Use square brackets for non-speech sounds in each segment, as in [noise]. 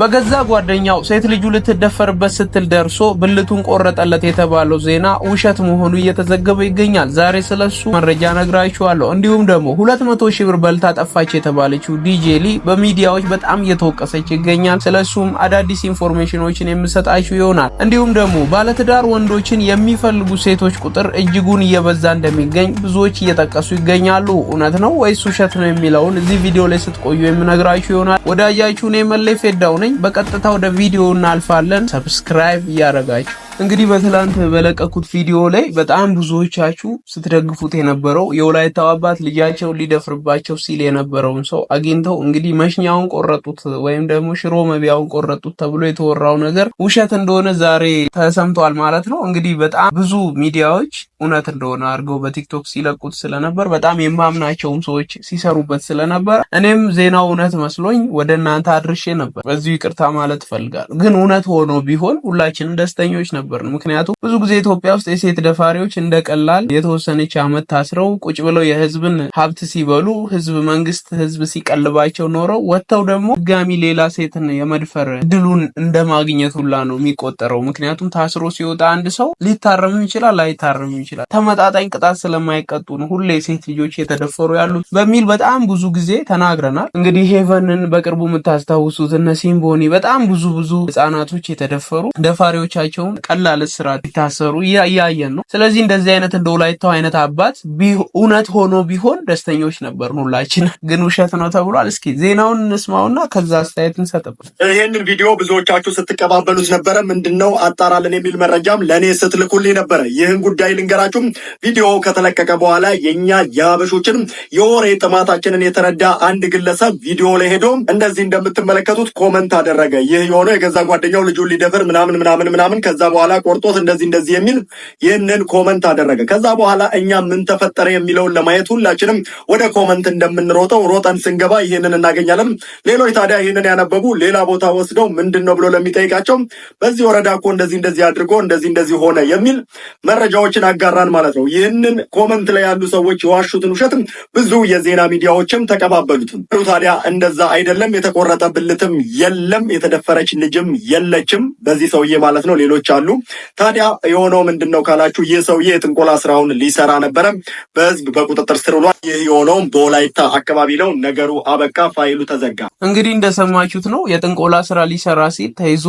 በገዛ ጓደኛው ሴት ልጁ ልትደፈርበት ስትል ደርሶ ብልቱን ቆረጠለት የተባለው ዜና ውሸት መሆኑ እየተዘገበ ይገኛል። ዛሬ ስለሱ መረጃ ነግራችኋለሁ። እንዲሁም ደግሞ 200 ሺህ ብር በልታ ጠፋች የተባለችው ዲጄ ሊ በሚዲያዎች በጣም እየተወቀሰች ይገኛል። ስለሱም አዳዲስ ኢንፎርሜሽኖችን የምሰጣችሁ ይሆናል። እንዲሁም ደግሞ ባለትዳር ወንዶችን የሚፈልጉ ሴቶች ቁጥር እጅጉን እየበዛ እንደሚገኝ ብዙዎች እየጠቀሱ ይገኛሉ። እውነት ነው ወይስ ውሸት ነው የሚለውን እዚህ ቪዲዮ ላይ ስትቆዩ የምነግራችሁ ይሆናል። ወዳጃችሁ እኔ መለይ ፌዳው ነኝ። በቀጥታ ወደ ቪዲዮ እናልፋለን። ሰብስክራይብ እያደረጋችሁ እንግዲህ በትላንት በለቀኩት ቪዲዮ ላይ በጣም ብዙዎቻችሁ ስትደግፉት የነበረው የወላይታው አባት ልጃቸውን ሊደፍርባቸው ሲል የነበረውን ሰው አግኝተው እንግዲህ መሽኛውን ቆረጡት ወይም ደግሞ ሽሮ መቢያውን ቆረጡት ተብሎ የተወራው ነገር ውሸት እንደሆነ ዛሬ ተሰምቷል ማለት ነው። እንግዲህ በጣም ብዙ ሚዲያዎች እውነት እንደሆነ አድርገው በቲክቶክ ሲለቁት ስለነበር በጣም የማምናቸውም ሰዎች ሲሰሩበት ስለነበር እኔም ዜናው እውነት መስሎኝ ወደ እናንተ አድርሼ ነበር። በዚሁ ይቅርታ ማለት እፈልጋለሁ። ግን እውነት ሆኖ ቢሆን ሁላችንም ደስተኞች ነበርን። ምክንያቱም ብዙ ጊዜ ኢትዮጵያ ውስጥ የሴት ደፋሪዎች እንደ ቀላል የተወሰነች ዓመት ታስረው ቁጭ ብለው የህዝብን ሀብት ሲበሉ ህዝብ መንግስት ህዝብ ሲቀልባቸው ኖረው ወጥተው ደግሞ ድጋሚ ሌላ ሴትን የመድፈር እድሉን እንደማግኘት ሁላ ነው የሚቆጠረው። ምክንያቱም ታስሮ ሲወጣ አንድ ሰው ሊታረምም ይችላል አይታረምም ይችላል። ተመጣጣኝ ቅጣት ስለማይቀጡ ነው ሁሌ ሴት ልጆች የተደፈሩ ያሉት በሚል በጣም ብዙ ጊዜ ተናግረናል። እንግዲህ ሄቨንን በቅርቡ የምታስታውሱት እነ ሲምቦኒ በጣም ብዙ ብዙ ህጻናቶች የተደፈሩ ደፋሪዎቻቸውን ቀላል እስራት ሲታሰሩ እያየን ነው። ስለዚህ እንደዚህ አይነት እንደ ወላይታው አይነት አባት እውነት ሆኖ ቢሆን ደስተኞች ነበር ሁላችን፣ ግን ውሸት ነው ተብሏል። እስኪ ዜናውን እንስማውና ከዛ አስተያየት እንሰጥበት። ይህንን ቪዲዮ ብዙዎቻችሁ ስትቀባበሉት ነበረ። ምንድነው አጣራለን የሚል መረጃም ለእኔ ስትልኩልኝ ነበረ። ይህን ጉዳይ ልንገ ከተቸገራችሁ ቪዲዮ ከተለቀቀ በኋላ የኛ የአበሾችን የወሬ ጥማታችንን የተረዳ አንድ ግለሰብ ቪዲዮ ላይ ሄዶ እንደዚህ እንደምትመለከቱት ኮመንት አደረገ። ይህ የሆነው የገዛ ጓደኛው ልጁን ሊደፍር ምናምን ምናምን ምናምን ከዛ በኋላ ቆርጦት እንደዚህ እንደዚህ የሚል ይህንን ኮመንት አደረገ። ከዛ በኋላ እኛ ምን ተፈጠረ የሚለውን ለማየት ሁላችንም ወደ ኮመንት እንደምንሮጠው ሮጠን ስንገባ ይህንን እናገኛለን። ሌሎች ታዲያ ይህንን ያነበቡ ሌላ ቦታ ወስደው ምንድን ነው ብሎ ለሚጠይቃቸው በዚህ ወረዳ እኮ እንደዚህ እንደዚህ አድርጎ እንደዚህ እንደዚህ ሆነ የሚል መረጃዎችን አጋ ያጋራን ማለት ነው። ይህንን ኮመንት ላይ ያሉ ሰዎች የዋሹትን ውሸትም ብዙ የዜና ሚዲያዎችም ተቀባበሉትም። ታዲያ እንደዛ አይደለም። የተቆረጠ ብልትም የለም፣ የተደፈረች ልጅም የለችም በዚህ ሰውዬ ማለት ነው። ሌሎች አሉ። ታዲያ የሆነው ምንድን ነው ካላችሁ ይህ ሰውዬ የጥንቆላ ስራውን ሊሰራ ነበረ፣ በህዝብ በቁጥጥር ስር ውሏል። ይህ የሆነውም በወላይታ አካባቢ ነው። ነገሩ አበቃ፣ ፋይሉ ተዘጋ። እንግዲህ እንደሰማችሁት ነው። የጥንቆላ ስራ ሊሰራ ሲል ተይዞ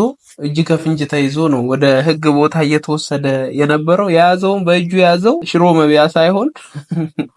እጅ ከፍንጅ ተይዞ ነው ወደ ህግ ቦታ እየተወሰደ የነበረው የያዘውን በእጁ በእጁ የያዘው ሽሮ መቢያ ሳይሆን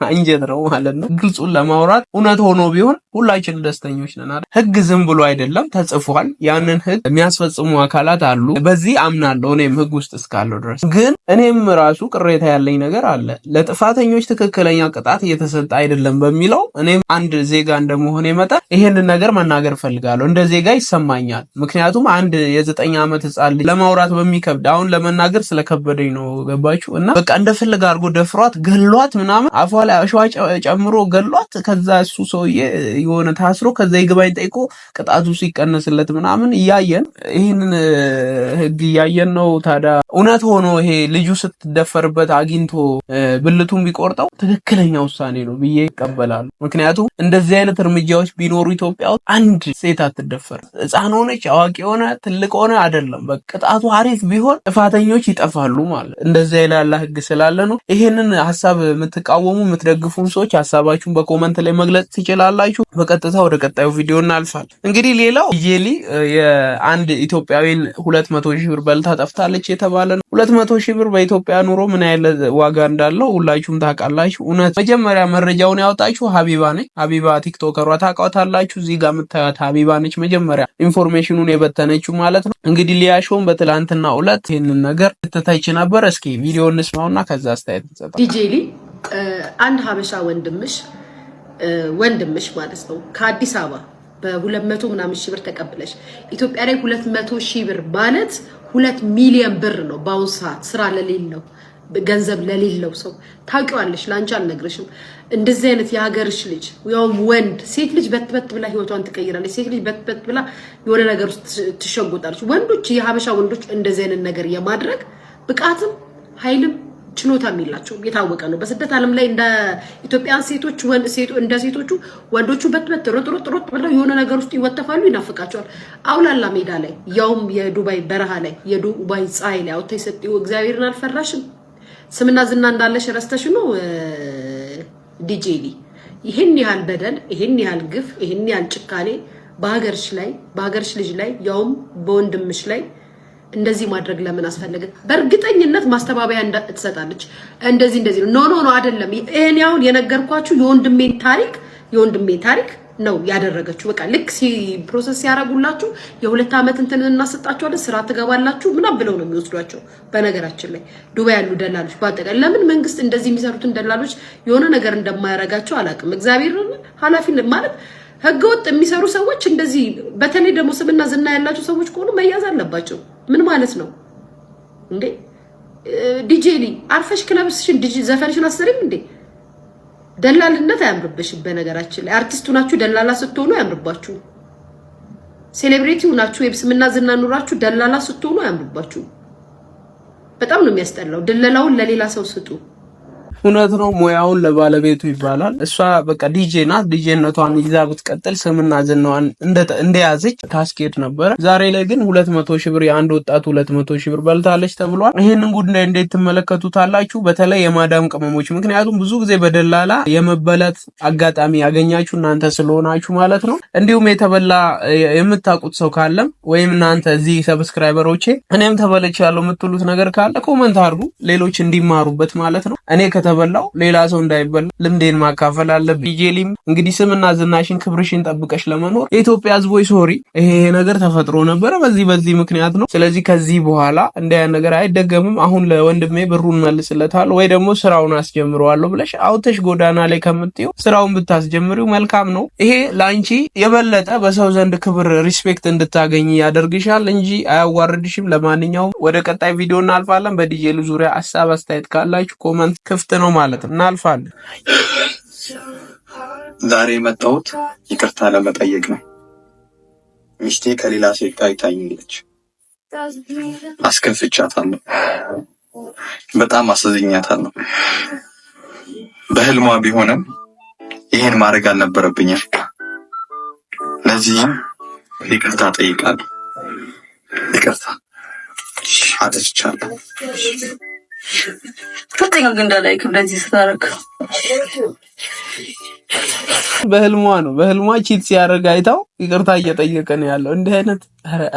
አንጀት ነው ማለት ነው። ግልጹን ለማውራት እውነት ሆኖ ቢሆን ሁላችን ደስተኞች ነን። ህግ ዝም ብሎ አይደለም ተጽፏል። ያንን ህግ የሚያስፈጽሙ አካላት አሉ። በዚህ አምናለሁ እኔም ህግ ውስጥ እስካለው ድረስ። ግን እኔም ራሱ ቅሬታ ያለኝ ነገር አለ። ለጥፋተኞች ትክክለኛ ቅጣት እየተሰጠ አይደለም በሚለው እኔም አንድ ዜጋ እንደመሆነ መጠን ይሄንን ነገር መናገር ፈልጋለሁ። እንደ ዜጋ ይሰማኛል። ምክንያቱም አንድ የዘጠኝ ዓመት ህፃን ልጅ ለማውራት በሚከብድ አሁን ለመናገር ስለከበደኝ ነው። ገባችሁ እና በቃ እንደፈለገ አድርጎ ደፍሯት ገሏት ምናምን አፏ ላይ አሸዋ ጨምሮ ገሏት። ከዛ እሱ ሰውዬ የሆነ ታስሮ ከዛ ይግባኝ ጠይቆ ቅጣቱ ሲቀነስለት ምናምን እያየን ይህንን ህግ እያየን ነው። ታዲያ እውነት ሆኖ ይሄ ልጁ ስትደፈርበት አግኝቶ ብልቱን ቢቆርጠው ትክክለኛ ውሳኔ ነው ብዬ ይቀበላሉ። ምክንያቱም እንደዚህ አይነት እርምጃዎች ቢኖሩ ኢትዮጵያ ውስጥ አንድ ሴት አትደፈርም። ህፃን ሆነች፣ አዋቂ ሆነ፣ ትልቅ ሆነ አይደለም በቅጣቱ አሪፍ ቢሆን ጥፋተኞች ይጠፋሉ ማለት እንደዚያ ይላላ ህግ ስላለ ነው። ይሄንን ሀሳብ የምትቃወሙ የምትደግፉም ሰዎች ሀሳባችሁን በኮመንት ላይ መግለጽ ትችላላችሁ። በቀጥታ ወደ ቀጣዩ ቪዲዮ እናልፋል። እንግዲህ ሌላው ጄሊ የአንድ ኢትዮጵያዊን ሁለት መቶ ሺህ ብር በልታ ጠፍታለች የተባለ ነው። ሁለት መቶ ሺህ ብር በኢትዮጵያ ኑሮ ምን ያህል ዋጋ እንዳለው ሁላችሁም ታውቃላችሁ። እውነት መጀመሪያ መረጃውን ያወጣችሁ ሀቢባ ነች። ሀቢባ ቲክቶከሯ ታውቃታላችሁ። እዚህ ጋር የምታዩት ሀቢባ ነች መጀመሪያ ኢንፎርሜሽኑን የበተነችው ማለት ነው። እንግዲህ ሊያሾም በትላንትና ሁለት ይህንን ነገር ትተች ነበር። እስኪ ቪዲዮ እንስማውና ከዛ አስተያየት ዲጄ ሊ አንድ ሀበሻ ወንድምሽ ወንድምሽ ማለት ነው ከአዲስ አበባ በሁለት መቶ ምናምን ሺህ ብር ተቀብለሽ ኢትዮጵያ ላይ ሁለት መቶ ሺህ ብር ማለት ሁለት ሚሊዮን ብር ነው በአሁኑ ሰዓት ስራ ለሌለው ገንዘብ ለሌለው ሰው ታውቂዋለሽ። ለአንቺ አልነግርሽም። እንደዚህ አይነት የሀገርሽ ልጅ ያውም ወንድ፣ ሴት ልጅ በትበት ብላ ህይወቷን ትቀይራለች። ሴት ልጅ በትበት ብላ የሆነ ነገር ውስጥ ትሸጎጣለች። ወንዶች፣ የሀበሻ ወንዶች እንደዚህ አይነት ነገር የማድረግ ብቃትም ኃይልም ችሎታም የላቸውም። የታወቀ ነው። በስደት ዓለም ላይ እንደ ኢትዮጵያን ሴቶች እንደ ሴቶቹ ወንዶቹ በትበት ሮጥሮጥ ሮጥ ብለው የሆነ ነገር ውስጥ ይወተፋሉ፣ ይናፍቃቸዋል። አውላላ ሜዳ ላይ ያውም የዱባይ በረሃ ላይ የዱባይ ፀሐይ ላይ አውጥተሽ ሰጥተሽው እግዚአብሔርን አልፈራሽም። ስምና ዝና እንዳለሽ ረስተሽ ነው ዲጄሊ። ይህን ያህል በደል፣ ይህን ያህል ግፍ፣ ይህን ያህል ጭካኔ በሀገርሽ ላይ በሀገርሽ ልጅ ላይ ያውም በወንድምሽ ላይ እንደዚህ ማድረግ ለምን አስፈለገ? በእርግጠኝነት ማስተባበያ ትሰጣለች። እንደዚህ እንደዚህ ነው ኖ ኖ ኖ አይደለም። ይሄን አሁን የነገርኳችሁ የወንድሜን ታሪክ የወንድሜን ታሪክ ነው ያደረገችው። በቃ ልክ ፕሮሰስ ሲያረጉላችሁ የሁለት ዓመት እንትን እናሰጣችኋለን ስራ ትገባላችሁ ምናምን ብለው ነው የሚወስዷቸው። በነገራችን ላይ ዱባይ ያሉ ደላሎች በአጠቃላይ ለምን መንግስት እንደዚህ የሚሰሩትን ደላሎች የሆነ ነገር እንደማያረጋቸው አላውቅም። እግዚአብሔር ኃላፊነት ማለት ህገወጥ የሚሰሩ ሰዎች እንደዚህ በተለይ ደግሞ ስምና ዝና ያላቸው ሰዎች ከሆኑ መያዝ አለባቸው። ምን ማለት ነው እንዴ? ዲጄሊ አርፈሽ ክለብስሽን ዘፈንሽን አሰሪም እንዴ? ደላልነት አያምርብሽም። በነገራችን ላይ አርቲስት ሁናችሁ ደላላ ስትሆኑ አያምርባችሁ። ሴሌብሪቲ ሁናችሁ ወይም ስምና ዝና ኑራችሁ ደላላ ስትሆኑ አያምርባችሁ። በጣም ነው የሚያስጠላው። ድለላውን ለሌላ ሰው ስጡ። እውነት ነው። ሙያውን ለባለቤቱ ይባላል። እሷ በቃ ዲጄ ናት። ዲጄነቷን ይዛ ብትቀጥል ስምና ዝናዋን እንደያዘች ታስኬድ ነበረ። ዛሬ ላይ ግን ሁለት መቶ ሺህ ብር የአንድ ወጣት ሁለት መቶ ሺህ ብር በልታለች ተብሏል። ይህንን ጉዳይ እንዴት ትመለከቱታላችሁ? በተለይ የማዳም ቅመሞች፣ ምክንያቱም ብዙ ጊዜ በደላላ የመበለት አጋጣሚ ያገኛችሁ እናንተ ስለሆናችሁ ማለት ነው። እንዲሁም የተበላ የምታውቁት ሰው ካለም ወይም እናንተ እዚህ ሰብስክራይበሮቼ እኔም ተበለች ያለው የምትሉት ነገር ካለ ኮመንት አድርጉ፣ ሌሎች እንዲማሩበት ማለት ነው እኔ ከተበላው ሌላ ሰው እንዳይበላ ልምዴን ማካፈል አለብኝ። ዲጄሊም እንግዲህ ስምና ዝናሽን ክብርሽን ጠብቀሽ ለመኖር የኢትዮጵያ ሕዝቦች ሶሪ ይሄ ነገር ተፈጥሮ ነበረ፣ በዚህ በዚህ ምክንያት ነው። ስለዚህ ከዚህ በኋላ እንዲያ ነገር አይደገምም። አሁን ለወንድሜ ብሩን መልስለታል ወይ ደግሞ ስራውን አስጀምረዋለሁ ብለሽ አውተሽ ጎዳና ላይ ከምትይው ስራውን ብታስጀምሪው መልካም ነው። ይሄ ለአንቺ የበለጠ በሰው ዘንድ ክብር ሪስፔክት እንድታገኝ ያደርግሻል እንጂ አያዋርድሽም። ለማንኛውም ወደ ቀጣይ ቪዲዮ እናልፋለን። በዲጄሉ ዙሪያ ሀሳብ አስተያየት ካላችሁ ኮመንት ክፍት ነው ማለት ነው። እናልፋለን። ዛሬ የመጣሁት ይቅርታ ለመጠየቅ ነው። ሚስቴ ከሌላ ሴት ጋር ይታኛለች። አስከፍቻታለሁ፣ በጣም አሳዝኛታለሁ። በህልሟ ቢሆንም ይሄን ማድረግ አልነበረብኝም። ለዚህም ይቅርታ ጠይቃለሁ። ይቅርታ አጥፍቻለሁ። ሁለተኛው ግን እንዳላይክ እንደዚህ ስታረግ በህልሟ ነው። በህልሟ ቺት ሲያደርግ አይታው ይቅርታ እየጠየቀ ነው ያለው። እንዲህ አይነት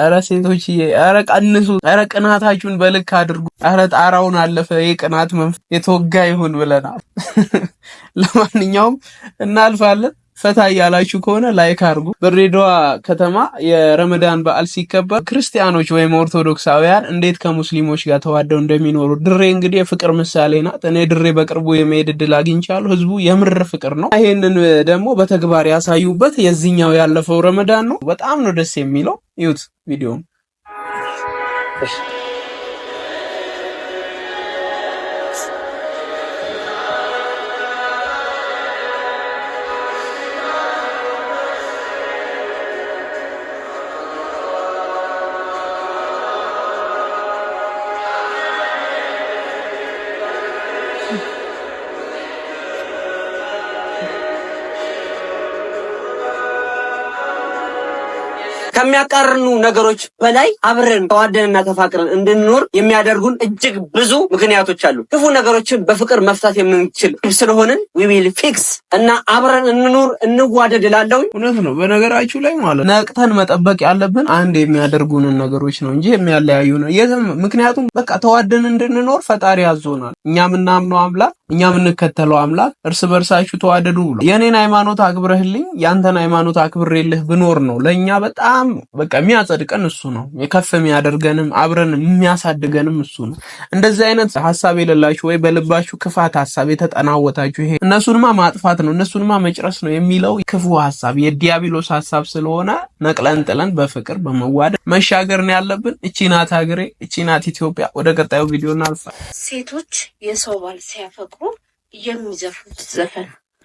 ኧረ ሴቶች ኧረ ቀንሱ፣ ኧረ ቅናታችሁን በልክ አድርጉ። ኧረ ጣራውን አለፈ የቅናት መንፈስ የተወጋ ይሁን ብለናል። [laughs] ለማንኛውም እናልፋለን። ፈታ እያላችሁ ከሆነ ላይክ አድርጉ። በድሬዳዋ ከተማ የረመዳን በዓል ሲከበር ክርስቲያኖች ወይም ኦርቶዶክሳውያን እንዴት ከሙስሊሞች ጋር ተዋደው እንደሚኖሩ ድሬ እንግዲህ የፍቅር ምሳሌ ናት። እኔ ድሬ በቅርቡ የመሄድ እድል አግኝቻለሁ። ህዝቡ የምር ፍቅር ነው። ይሄንን ደግሞ በተግባር ያሳዩበት የዚህኛው ያለፈው ረመዳን ነው። በጣም ነው ደስ የሚለው። ይዩት ቪዲዮም ከሚያቃርኑ ነገሮች በላይ አብረን ተዋደንና ተፋቅረን እንድንኖር የሚያደርጉን እጅግ ብዙ ምክንያቶች አሉ። ክፉ ነገሮችን በፍቅር መፍታት የምንችል ስለሆንን ዊል ፊክስ እና አብረን እንኑር እንዋደድ ላለው እውነት ነው። በነገራችሁ ላይ ማለት ነቅተን መጠበቅ ያለብን አንድ የሚያደርጉንን ነገሮች ነው እንጂ የሚያለያዩ ነው። ምክንያቱም በቃ ተዋደን እንድንኖር ፈጣሪ ያዞናል። እኛ ምናምነው አምላክ እኛ የምንከተለው አምላክ እርስ በርሳችሁ ተዋደዱ ብሎ የእኔን ሃይማኖት አክብረህልኝ ያንተን ሃይማኖት አክብሬልህ ብኖር ነው ለእኛ በጣም በቃ የሚያጸድቀን እሱ ነው። የከፍ የሚያደርገንም አብረን የሚያሳድገንም እሱ ነው። እንደዚህ አይነት ሀሳብ የሌላችሁ ወይ በልባችሁ ክፋት ሀሳብ የተጠናወታችሁ ይሄ እነሱንማ ማጥፋት ነው እነሱንማ መጭረስ ነው የሚለው ክፉ ሀሳብ የዲያብሎስ ሀሳብ ስለሆነ ነቅለን ጥለን በፍቅር በመዋደድ መሻገርን ያለብን። እቺናት ሀገሬ፣ እቺናት ኢትዮጵያ። ወደ ቀጣዩ ቪዲዮ እናልፋለን። ሴቶች የሰው ባል ሲያፈቅሩ የሚዘፉት ዘፈን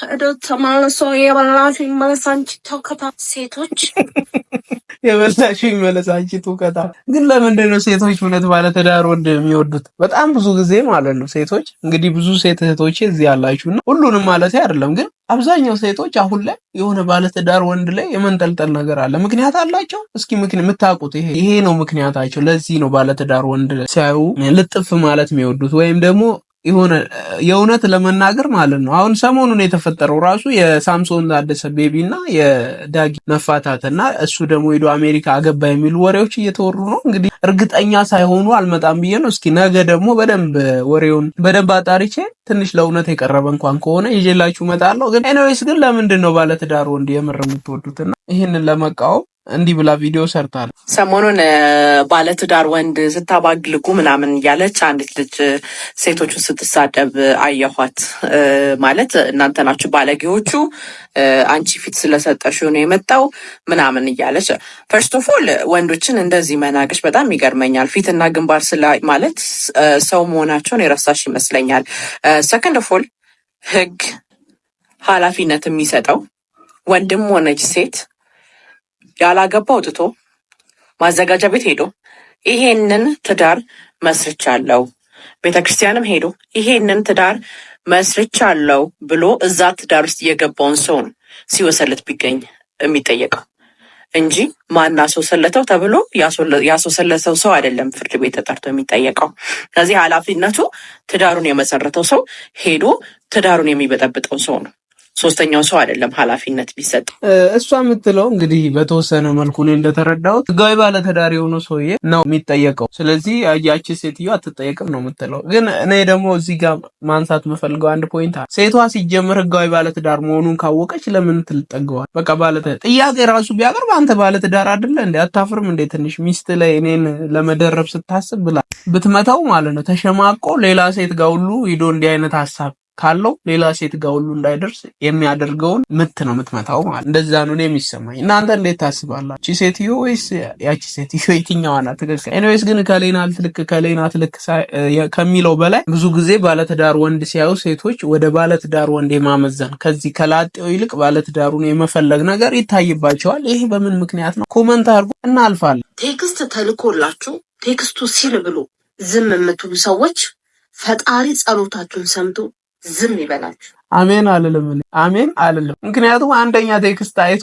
ሄዶ ተመልሶ የበላሹ ይመለስ ተውከታ። ሴቶች [laughs] የበላሹ ይመለስ አንቺ ግን ለምንድን ነው ሴቶች እውነት ባለትዳር ወንድ የሚወዱት? በጣም ብዙ ጊዜ ማለት ነው ሴቶች እንግዲህ ብዙ ሴት እህቶቼ እዚህ ያላችሁና ሁሉንም ማለት አይደለም ግን አብዛኛው ሴቶች አሁን ላይ የሆነ ባለትዳር ወንድ ላይ የመንጠልጠል ነገር አለ። ምክንያት አላቸው። እስኪ የምታውቁት ይሄ ይሄ ነው ምክንያታቸው። ለዚህ ነው ባለትዳር ወንድ ሲያዩ ልጥፍ ማለት የሚወዱት ወይም ደግሞ የሆነ የእውነት ለመናገር ማለት ነው። አሁን ሰሞኑን የተፈጠረው ራሱ የሳምሶን ታደሰ ቤቢ እና የዳጊ መፋታት እና እሱ ደግሞ ሄዶ አሜሪካ አገባ የሚሉ ወሬዎች እየተወሩ ነው። እንግዲህ እርግጠኛ ሳይሆኑ አልመጣም ብዬ ነው። እስኪ ነገ ደግሞ በደንብ ወሬውን በደንብ አጣሪቼ ትንሽ ለእውነት የቀረበ እንኳን ከሆነ ይዤላችሁ እመጣለሁ። ግን ኤኒዌይስ ግን ለምንድን ነው ባለትዳር ወንድ የምር የምትወዱትና ይህንን ለመቃወም እንዲህ ብላ ቪዲዮ ሰርታል። ሰሞኑን ባለትዳር ወንድ ስታባግልጉ ምናምን እያለች አንዲት ልጅ ሴቶቹን ስትሳደብ አየኋት። ማለት እናንተ ናችሁ ባለጌዎቹ፣ አንቺ ፊት ስለሰጠሽ ነው የመጣው ምናምን እያለች ፈርስት ኦፍ ኦል ወንዶችን እንደዚህ መናቅሽ በጣም ይገርመኛል። ፊትና ግንባር ስላ ማለት ሰው መሆናቸውን የረሳሽ ይመስለኛል። ሰከንድ ኦፍ ኦል ህግ ኃላፊነት የሚሰጠው ወንድም ሆነች ሴት ያላገባ አውጥቶ ማዘጋጃ ቤት ሄዶ ይሄንን ትዳር መስርቻለሁ፣ ቤተ ክርስቲያንም ሄዶ ይሄንን ትዳር መስርቻለሁ ብሎ እዛ ትዳር ውስጥ የገባውን ሰው ነው ሲወሰለት ቢገኝ የሚጠየቀው እንጂ ማን አስወሰለተው ተብሎ ያስወሰለተው ሰው አይደለም ፍርድ ቤት ተጠርቶ የሚጠየቀው። ከዚህ ኃላፊነቱ ትዳሩን የመሰረተው ሰው ሄዶ ትዳሩን የሚበጠብጠው ሰው ነው። ሶስተኛው ሰው አይደለም ኃላፊነት ቢሰጥ እሷ የምትለው እንግዲህ በተወሰነ መልኩ እኔ እንደተረዳሁት ህጋዊ ባለተዳሪ የሆነ ሰውዬ ነው የሚጠየቀው። ስለዚህ ያቺ ሴትዮ አትጠየቅም ነው የምትለው። ግን እኔ ደግሞ እዚህ ጋር ማንሳት የምፈልገው አንድ ፖይንት ሴቷ ሲጀምር ህጋዊ ባለትዳር መሆኑን ካወቀች ለምን ትልጠገዋል? በቃ ባለትዳር ጥያቄ ራሱ ቢያቀርብ አንተ ባለትዳር አይደለ እንዴ አታፍርም እንዴ? ትንሽ ሚስት ላይ እኔን ለመደረብ ስታስብ ብላ ብትመታው ማለት ነው ተሸማቆ ሌላ ሴት ጋር ሁሉ ሂዶ እንዲህ አይነት ሀሳብ ካለው ሌላ ሴት ጋር ሁሉ እንዳይደርስ የሚያደርገውን ምት ነው የምትመታው ማለት እንደዛ ነው የሚሰማኝ። እናንተ እንዴት ታስባላችሁ? ሴትዮ ወይስ ያቺ ሴትዮ የትኛዋ ናት ትክክል? ኤኒዌይስ ግን ከሌና አልትልክ ከሌና ትልክ ከሚለው በላይ ብዙ ጊዜ ባለትዳር ወንድ ሲያዩ ሴቶች ወደ ባለትዳር ወንድ የማመዘን ከዚህ ከላጤው ይልቅ ባለትዳሩን የመፈለግ ነገር ይታይባቸዋል። ይሄ በምን ምክንያት ነው? ኮመንት አድርጎ እናልፋለን። ቴክስት ተልኮላችሁ ቴክስቱ ሲል ብሎ ዝም የምትሉ ሰዎች ፈጣሪ ጸሎታችሁን ሰምቶ ዝም ይበላችሁ። አሜን አልልም አሜን አልልም። ምክንያቱም አንደኛ ቴክስት አይቶ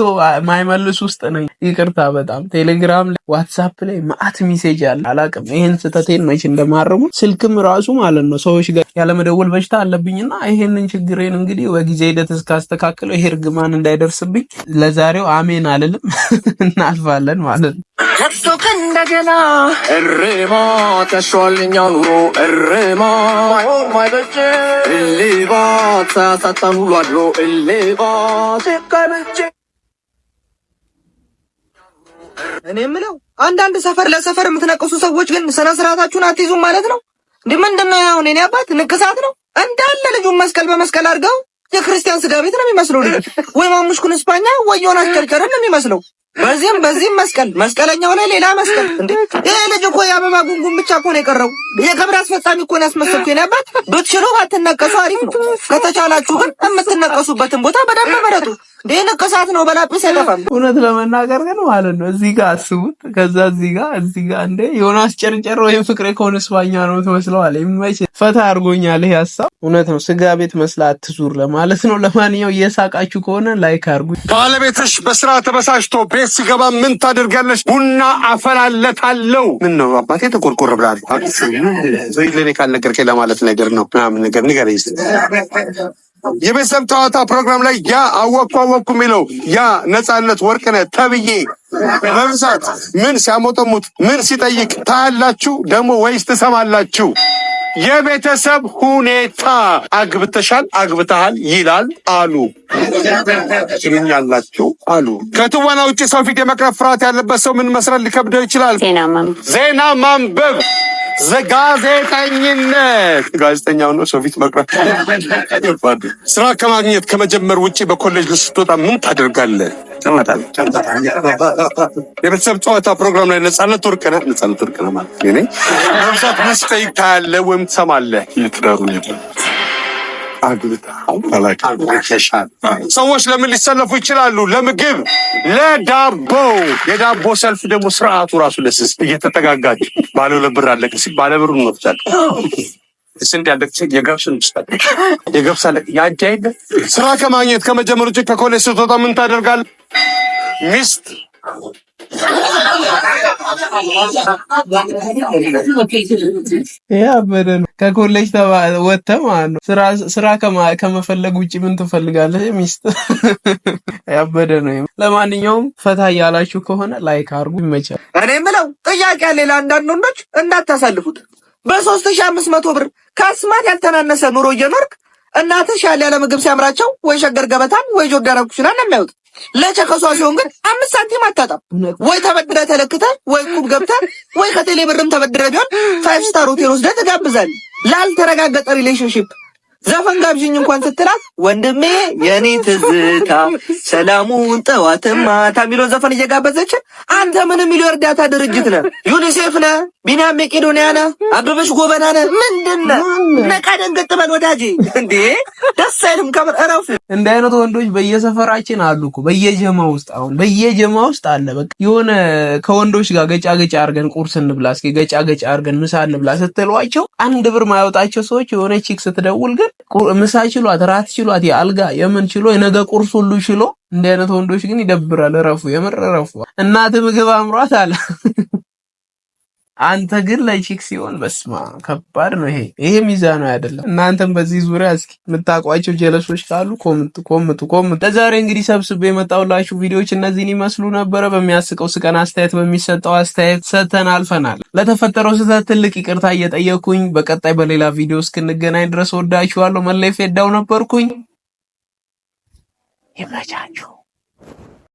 ማይመልስ ውስጥ ነኝ። ይቅርታ በጣም ቴሌግራም፣ ዋትሳፕ ላይ ማአት ሚሴጅ አለ። አላቅም ይሄን ስህተቴን መቼ እንደማረሙ ስልክም ራሱ ማለት ነው ሰዎች ጋር ያለመደወል በሽታ አለብኝና ይሄንን ችግሬን እንግዲህ በጊዜ ሂደት እስካስተካክለው ይሄ እርግማን እንዳይደርስብኝ ለዛሬው አሜን አልልም። [laughs] እናልፋለን ማለት ነው። ከቶ ከእንደገና እርማ ኑሮ እርማ ማይበጭ ያሳጣን ሁሉ አድሮ እኔ የምለው አንዳንድ ሰፈር ለሰፈር የምትነቅሱ ሰዎች ግን ስነ ስርዓታችሁን አትይዙም ማለት ነው። እንደ ምንድን ነው አሁን የኔ አባት ንቅሳት ነው እንዳለ ልጁን መስቀል በመስቀል አድርገው የክርስቲያን ስጋ ቤት ነው የሚመስለው ልጅ ወይ ማሙሽኩን እስፓኛ ወይ ዮናስ ቸርቸርን ነው የሚመስለው። በዚህም በዚህም መስቀል መስቀለኛው ላይ ሌላ መስቀል እንዴ! ይሄ ልጅ እኮ የአበባ ጉንጉን ብቻ እኮ ነው የቀረው። የክብር አስፈጻሚ እኮ ነው ያስመሰልኩ ነበር። ብትችሉ ባትነቀሱ አሪፍ ነው። ከተቻላችሁ ግን የምትነቀሱበትን ቦታ በደንብ መረጡ። ይህ ንቅሳት ነው። በላጲስ አይጠፋም። እውነት ለመናገር ግን ማለት ነው እዚህ ጋር አስቡት። ከዛ እዚህ ጋር እዚህ ጋር እንደ ዮናስ ጨርጨር ወይም ፍቅሬ ከሆነ ስባኛ ነው ትመስለዋል። የሚመች ፈታ አድርጎኛል ይህ ሀሳብ እውነት ነው። ስጋ ቤት መስላ አትዙር ለማለት ነው። ለማንኛው እየሳቃችሁ ከሆነ ላይክ አርጉ። ባለቤትሽ በስራ ተበሳሽቶ ቤት ሲገባ ምን ታደርጋለች? ቡና አፈላለታለው። ምን ነው አባቴ ተቆርቆር ብላል ለኔ ካልነገርከኝ ለማለት ነገር ነው ምናምን ነገር ንገረኝ የቤተሰብ ጨዋታ ፕሮግራም ላይ ያ አወቅኩ አወቅኩ የሚለው ያ ነፃነት ወርቅነህ ተብዬ መብዛት ምን ሲያሞጠሙት ምን ሲጠይቅ ታያላችሁ፣ ደግሞ ወይስ ትሰማላችሁ? የቤተሰብ ሁኔታ አግብተሻል፣ አግብተሃል ይላል አሉ ችሉኛላችሁ አሉ። ከትወና ውጭ ሰው ፊት የመቅረብ ፍርሃት ያለበት ሰው ምን መስራት ሊከብደው ይችላል? ዜና ማንበብ ዘጋዜጠኝነት ጋዜጠኛው ነው ሰው ፊት መቅረብ ስራ ከማግኘት ከመጀመር ውጭ በኮሌጅ ስትወጣ ምን ታደርጋለህ? የቤተሰብ ጨዋታ ፕሮግራም ላይ ነጻነት ወርቅነህ ነጻነት ወርቅነህ ማለት ነው። በብዛት ምስጠይቅ ታያለህ ወይም ትሰማለህ። የትዳሩ ሰዎች ለምን ሊሰለፉ ይችላሉ? ለምግብ፣ ለዳቦ። የዳቦ ሰልፍ ደግሞ ስርዓቱ ራሱ ለስስ እየተጠጋጋች ባለ ሁለት ብር አለቀ ሲል ባለ ብሩ እንወስዳለን። ስንዴ አለቀ ሲል የገብስ እንወስዳለን። የገብስ አለ ያንቺ አይደ ስራ ከማግኘት ከመጀመር ውጭ ከኮሌጅ ስትወጣ ምን ታደርጋል? ሚስት ያበደ ነው። ከኮሌጅ ወጥተህ ማለት ነው ስራ ከመፈለግ ውጭ ምን ትፈልጋለህ? ሚስት [laughs] ያበደ ነው። ለማንኛውም ፈታ እያላችሁ ከሆነ ላይክ አድርጉ። ይመቻል። እኔ ምለው ጥያቄ ሌላ አንዳንድ ወንዶች እንዳታሳልፉት በሶስት ሺ አምስት መቶ ብር ከአስማት ያልተናነሰ ኑሮ እየኖርክ እናትሽ ያለ ያለ ምግብ ሲያምራቸው ወይ ሸገር ገበታን ወይ ጆርዳና ኩሽና ነው የሚያዩት። ለቸከሷ ሲሆን ግን አምስት ሳንቲም አታጣም። ወይ ተበድረ ተለክተ ወይ ኩብ ገብተ ወይ ከቴሌ ብርም ተበድረ ቢሆን ፋይቭ ስታር ሆቴል ወስደ ትጋብዛል። ላልተረጋገጠ ሪሌሽንሽፕ ዘፈን ጋብዥኝ እንኳን ስትላት ወንድሜ የኔ ትዝታ ሰላሙን ጠዋትም ማታ የሚለውን ዘፈን እየጋበዘች አንተ ምንም የሚለው እርዳታ ድርጅት ነ ዩኒሴፍ ነ ቢኒያም መቄዶንያ ነ አበበሽ ጎበና ነ ምንድን ነህ? ነቃ ደንገጥ በል ወዳጅ። እንዴ ደስ አይልም? ከምር እረፍ። እንደ አይነት ወንዶች በየሰፈራችን አሉ እኮ በየጀማ ውስጥ አሁን በየጀማ ውስጥ አለ። በቃ የሆነ ከወንዶች ጋር ገጫ ገጫ አርገን ቁርስ እንብላ፣ እስኪ ገጫ ገጫ አርገን ምሳ እንብላ ስትሏቸው አንድ ብር ማያወጣቸው ሰዎች የሆነ ቺክ ስትደውል ግን ምሳ ችሏት ራት ችሏት የአልጋ የምን ችሎ የነገ ቁርስ ሁሉ ችሎ። እንዲህ አይነት ወንዶች ግን ይደብራል። እረፉ፣ የምር እረፉ። እናት ምግብ አምሯት አለ አንተ ግን ቼክ ሲሆን በስማ ከባድ ነው። ይሄ ይሄ ሚዛኑ አይደለም። እናንተም በዚህ ዙሪያ እስኪ የምታውቋቸው ጀለሶች ካሉ ኮምንት ኮምንት ኮምንት። ለዛሬ እንግዲህ ሰብስቤ የመጣሁላችሁ ቪዲዮዎች እነዚህን ይመስሉ ነበረ። በሚያስቀው ስቀን አስተያየት በሚሰጠው አስተያየት ሰተን አልፈናል። ለተፈጠረው ስህተት ትልቅ ይቅርታ እየጠየኩኝ በቀጣይ በሌላ ቪዲዮ እስክንገናኝ ድረስ ወዳችኋለሁ። መለይ ፌዳው ነበርኩኝ። ይመቻችሁ።